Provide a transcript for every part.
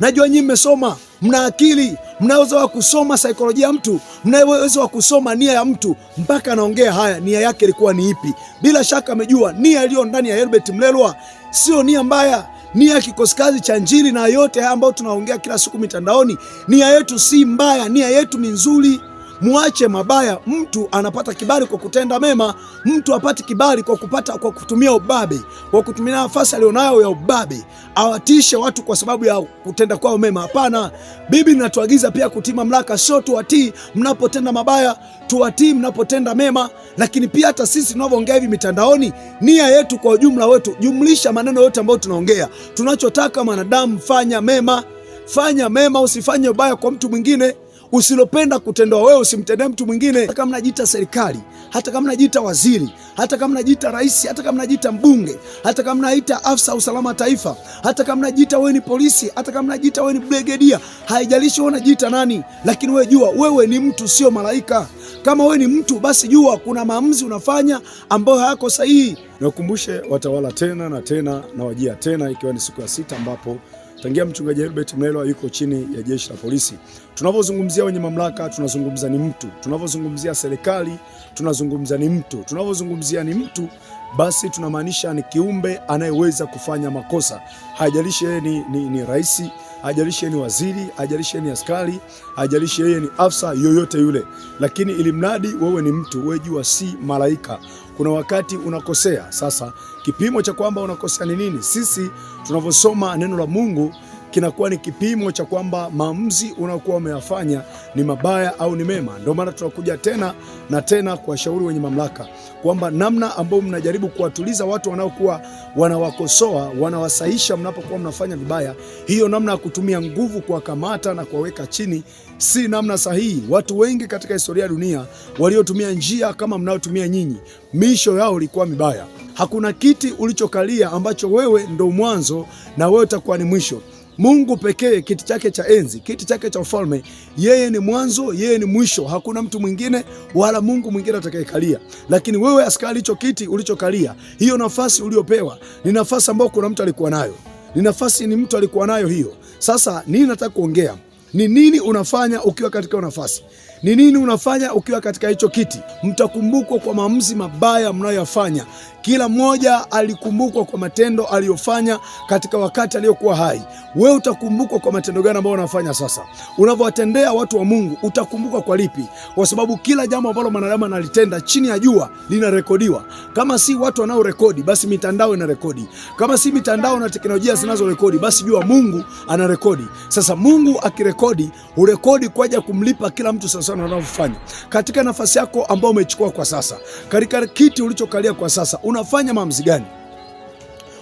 Najua nyinyi mmesoma, mna akili, mna uwezo wa kusoma saikolojia ya mtu, mna uwezo wa kusoma nia ya mtu. Mpaka anaongea haya, nia yake ilikuwa ni ipi? Bila shaka amejua nia iliyo ndani ya Herbert Mlelwa sio nia mbaya, nia ya kikosikazi cha njili na yote haya ambayo tunaongea kila siku mitandaoni, nia yetu si mbaya, nia yetu ni nzuri. Mwache mabaya. Mtu anapata kibali kwa kutenda mema, mtu apati kibali kwa kupata kwa kutumia ubabe, kwa kutumia nafasi alionayo ya ubabe, awatishe watu kwa sababu ya kutenda kwao mema. Hapana, bibi natuagiza pia kutii mamlaka, sio tuwatii mnapotenda mabaya, tuwatii mnapotenda mema. Lakini pia hata sisi tunavyoongea hivi mitandaoni, nia yetu kwa ujumla wetu, jumlisha maneno yote ambayo tunaongea, tunachotaka mwanadamu, fanya mema, fanya mema, usifanye ubaya kwa mtu mwingine usilopenda kutendewa wewe usimtendee mtu mwingine. Hata kama najiita serikali, hata kama najiita waziri, hata kama najiita rais, hata kama najiita mbunge, hata kama naita afisa usalama taifa, hata kama najiita wewe ni polisi, hata kama najiita wewe ni brigedia, haijalishi wewe unajiita nani, lakini wewe jua wewe ni mtu, sio malaika. Kama wewe ni mtu, basi jua kuna maamuzi unafanya ambayo hayako sahihi. Nakukumbushe watawala tena na tena na wajia tena, ikiwa ni siku ya sita ambapo tangia mchungaji Herbert Mlelwa yuko chini ya jeshi la polisi. Tunavyozungumzia wenye mamlaka, tunazungumza ni mtu. Tunavyozungumzia serikali, tunazungumza ni mtu. Tunavyozungumzia ni mtu, basi tunamaanisha ni kiumbe anayeweza kufanya makosa, haijalishi yeye ni, ni, ni rais ajalishi yeye ni waziri, ajalishi yeye ni askari, ajalishi yeye ni afsa yoyote yule, lakini ili mradi wewe ni mtu, wewe jua si malaika. Kuna wakati unakosea. Sasa kipimo cha kwamba unakosea ni nini? Sisi tunavyosoma neno la Mungu kinakuwa ni kipimo cha kwamba maamuzi unaokuwa umeyafanya ni mabaya au ni mema. Ndio maana tunakuja tena na tena kuwashauri wenye mamlaka kwamba namna ambayo mnajaribu kuwatuliza watu wanaokuwa wanawakosoa, wanawasaisha mnapokuwa mnafanya vibaya, hiyo namna ya kutumia nguvu kuwakamata na kuwaweka chini si namna sahihi. Watu wengi katika historia ya dunia waliotumia njia kama mnayotumia nyinyi, misho yao ilikuwa mibaya. Hakuna kiti ulichokalia ambacho wewe ndo mwanzo na wewe utakuwa ni mwisho. Mungu pekee, kiti chake cha enzi, kiti chake cha ufalme. Yeye ni mwanzo, yeye ni mwisho, hakuna mtu mwingine wala Mungu mwingine atakayekalia. Lakini wewe askari, hicho kiti ulichokalia, hiyo nafasi uliyopewa, ni nafasi ambayo kuna mtu alikuwa nayo, ni nafasi, ni mtu alikuwa nayo hiyo. Sasa nini nataka kuongea ni nini unafanya ukiwa katika nafasi? Ni nini unafanya ukiwa katika hicho kiti? Mtakumbukwa kwa maamuzi mabaya mnayoyafanya kila mmoja alikumbukwa kwa matendo aliyofanya katika wakati aliyokuwa hai. Wewe utakumbukwa kwa matendo gani ambayo unafanya sasa? Unavyowatendea watu wa Mungu utakumbukwa kwa lipi? Kwa sababu kila jambo ambalo mwanadamu analitenda chini ya jua linarekodiwa. Kama si watu wanaorekodi, basi mitandao inarekodi. Kama si mitandao na teknolojia zinazorekodi, basi jua Mungu anarekodi. Sasa Mungu akirekodi, hurekodi kwa ajili ya kumlipa kila mtu sasa anavyofanya. Katika nafasi yako ambayo umechukua kwa sasa, katika kiti ulichokalia kwa sasa, una unafanya maamuzi gani?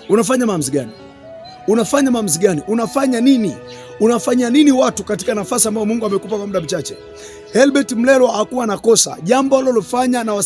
Unafanya maamuzi gani? Unafanya maamuzi gani? Unafanya nini? Unafanya nini watu katika nafasi ambayo Mungu amekupa kwa muda mchache? Herbert Mlelwa hakuwa na kosa. Jambo alilofanya na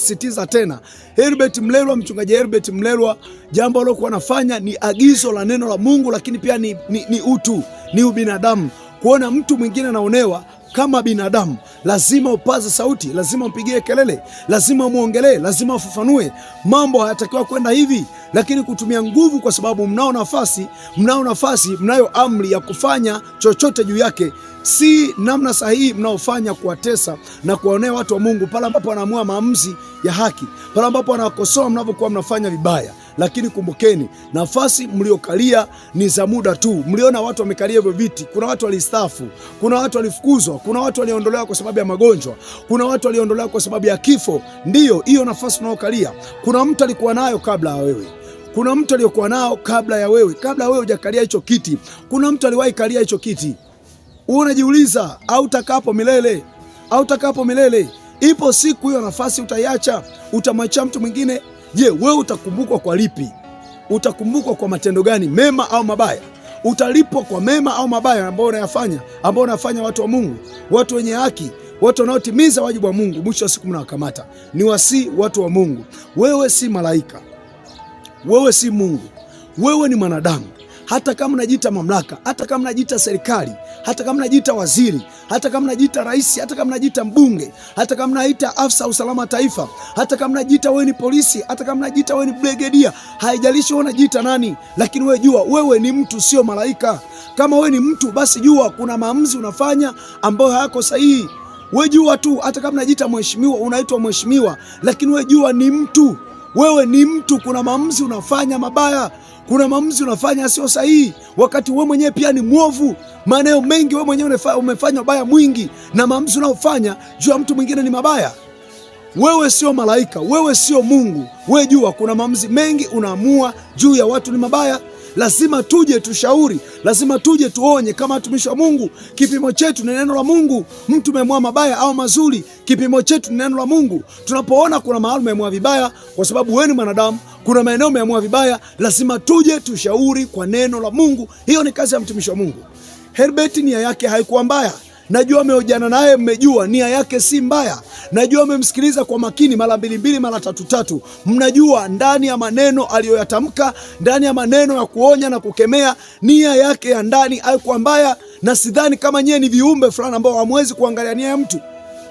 tena. Herbert Mlelwa, mchungaji Herbert Mlelwa, jambo alilokuwa anafanya ni agizo la neno la Mungu, lakini pia ni, ni, ni utu, ni ubinadamu. Kuona mtu mwingine anaonewa kama binadamu lazima upaze sauti, lazima mpigie kelele, lazima muongelee, lazima ufafanue. Mambo hayatakiwa kwenda hivi, lakini kutumia nguvu, kwa sababu mnao nafasi, mnao nafasi, mnayo amri ya kufanya chochote juu yake. Si namna sahihi mnaofanya kuwatesa na kuwaonea watu wa Mungu pale ambapo wanaamua maamuzi ya haki, pale ambapo wanakosoa mnavyokuwa mnafanya vibaya lakini kumbukeni, nafasi mliokalia ni za muda tu. Mliona watu wamekalia hivyo viti, kuna watu walistafu, kuna watu walifukuzwa, kuna watu waliondolewa kwa sababu ya magonjwa, kuna watu waliondolewa kwa sababu ya kifo. Ndiyo hiyo nafasi unayokalia, kuna mtu alikuwa nayo kabla ya wewe kuna mtu aliyokuwa nao kabla ya wewe, kabla ya wewe hujakalia hicho kiti, kuna mtu aliwahi kalia hicho kiti. Wewe unajiuliza, au utakapo milele, au utakapo milele. Ipo siku hiyo nafasi utaiacha, utamwachia mtu mwingine Je, wewe utakumbukwa kwa lipi? Utakumbukwa kwa matendo gani, mema au mabaya? Utalipwa kwa mema au mabaya ambayo unayafanya, ambayo unafanya watu wa Mungu, watu wenye haki, watu wanaotimiza wajibu wa Mungu. Mwisho wa siku mnawakamata. Ni wasi watu wa Mungu. Wewe si malaika, wewe si Mungu, wewe ni mwanadamu hata kama unajiita mamlaka, hata kama unajiita serikali, hata kama unajiita waziri, hata kama unajiita rais, hata kama unajiita mbunge, hata kama unaita afisa usalama taifa, hata kama unajiita wewe ni polisi, hata kama unajiita wewe ni brigedia, haijalishi wewe unajiita nani, lakini wewe jua wewe ni mtu, sio malaika. Kama wewe ni mtu, basi jua kuna maamuzi unafanya ambayo hayako sahihi. Wewe jua tu, hata kama unajiita mheshimiwa, unaitwa mheshimiwa, lakini wewe jua ni mtu wewe ni mtu, kuna maamuzi unafanya mabaya, kuna maamuzi unafanya sio sahihi, wakati wewe mwenyewe pia ni mwovu. Maeneo mengi wewe mwenyewe umefanya mabaya mwingi, na maamuzi unaofanya juu ya mtu mwingine ni mabaya. Wewe sio malaika, wewe sio Mungu. Wewe jua kuna maamuzi mengi unaamua juu ya watu ni mabaya lazima tuje tushauri, lazima tuje tuonye. Kama watumishi wa Mungu, kipimo chetu ni neno la Mungu. Mtu umeamua mabaya au mazuri, kipimo chetu ni neno la Mungu. Tunapoona kuna mahali umeamua vibaya, kwa sababu wewe ni mwanadamu, kuna maeneo umeamua vibaya, lazima tuje tushauri kwa neno la Mungu. Hiyo ni kazi ya mtumishi wa Mungu. Herbert nia yake haikuwa mbaya. Najua ameojana naye, mmejua nia yake si mbaya. Najua amemsikiliza kwa makini mara mbili mbili, mara tatu tatu. Mnajua ndani ya maneno aliyoyatamka, ndani ya maneno ya kuonya na kukemea, nia yake ya ndani haikuwa mbaya, na sidhani kama nyie ni viumbe fulani ambao hamwezi kuangalia nia ya mtu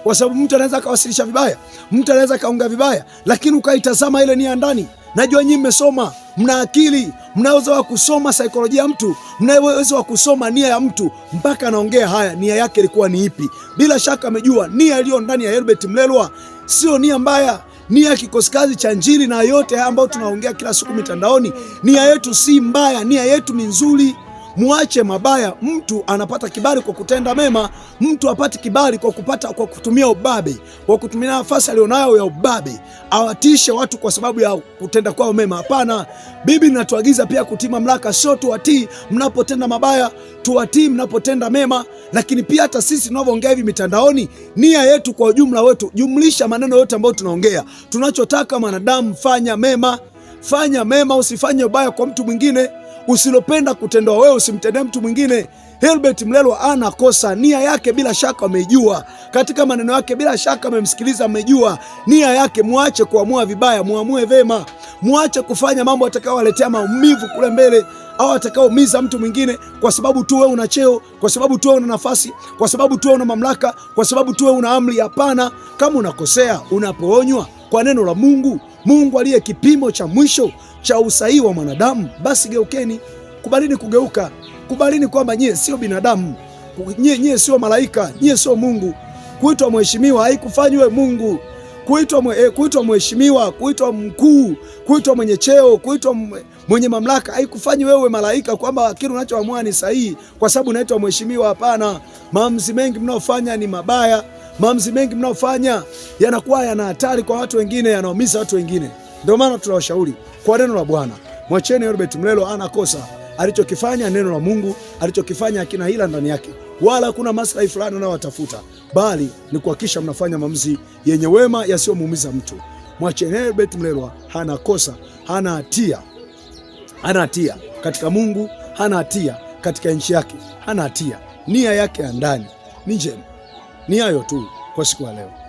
kwa sababu mtu anaweza akawasilisha vibaya, mtu anaweza akaongea vibaya, lakini ukaitazama ile nia ndani. Najua nyinyi mmesoma mna akili, mna uwezo wa kusoma saikolojia ya mtu, mna uwezo wa kusoma nia ya mtu. Mpaka anaongea haya, nia yake ilikuwa ni ipi? Bila shaka amejua nia iliyo ndani ya Herbert Mlelwa sio nia mbaya nia ya kikosi kazi cha Injili na yote haya ambayo tunaongea kila siku mitandaoni, nia yetu si mbaya, nia yetu ni nzuri. Muache mabaya. Mtu anapata kibali kwa kutenda mema, mtu apati kibali kwa kupata kwa kutumia ubabe, kwa kutumia nafasi alionayo ya ubabe, awatishe watu kwa sababu ya kutenda kwao mema. Hapana, Biblia inatuagiza pia kutii mamlaka, sio tuwatii mnapotenda mabaya, tuwatii mnapotenda mema. Lakini pia hata sisi tunavyoongea hivi mitandaoni, nia yetu kwa ujumla wetu, jumlisha maneno yote ambayo tunaongea, tunachotaka mwanadamu, fanya mema, fanya mema, usifanye ubaya kwa mtu mwingine usilopenda kutendoa wewe usimtendee mtu mwingine. Hilbert Mlelwa ana kosa nia yake, bila shaka amejua katika maneno yake, bila shaka amemsikiliza, amejua nia yake. Mwache kuamua vibaya, muamue vema, mwache kufanya mambo atakayowaletea maumivu kule mbele au atakaoumiza mtu mwingine, kwa sababu tu wewe una cheo, kwa sababu tu wewe una nafasi, kwa sababu tu wewe una mamlaka, kwa sababu tu wewe una amri. Hapana, kama unakosea, unapoonywa kwa neno la Mungu, Mungu aliye kipimo cha mwisho cha usahihi wa mwanadamu, basi geukeni, kubalini kugeuka, kubalini kwamba nyie sio binadamu, nyie nyie sio malaika, nyie sio Mungu. Kuitwa mheshimiwa haikufanywe Mungu. Kuitwa mwe, eh, kuitwa mheshimiwa, kuitwa mkuu, kuitwa mwenye cheo, kuitwa mwenye mamlaka haikufanyi wewe malaika, kwamba kile unachoamua ni sahihi kwa sababu unaitwa mheshimiwa. Hapana, maamuzi mengi mnaofanya ni mabaya. Maamuzi mengi mnaofanya yanakuwa yana hatari kwa watu wengine, yanaumiza watu wengine. Ndio maana tunawashauri kwa neno la Bwana, mwacheni Herbert Mlelo, anakosa alichokifanya. Neno la Mungu alichokifanya akina hila ndani yake, wala hakuna maslahi fulani unayowatafuta, bali ni kuhakikisha mnafanya maamuzi yenye wema yasiyomuumiza mtu. Mwacheni Herbert Mlelwa, hana kosa, hana hatia, hana hatia katika Mungu, hana hatia katika nchi yake, hana hatia. Nia yake ya ndani ni njema. Ni hayo tu kwa siku ya leo.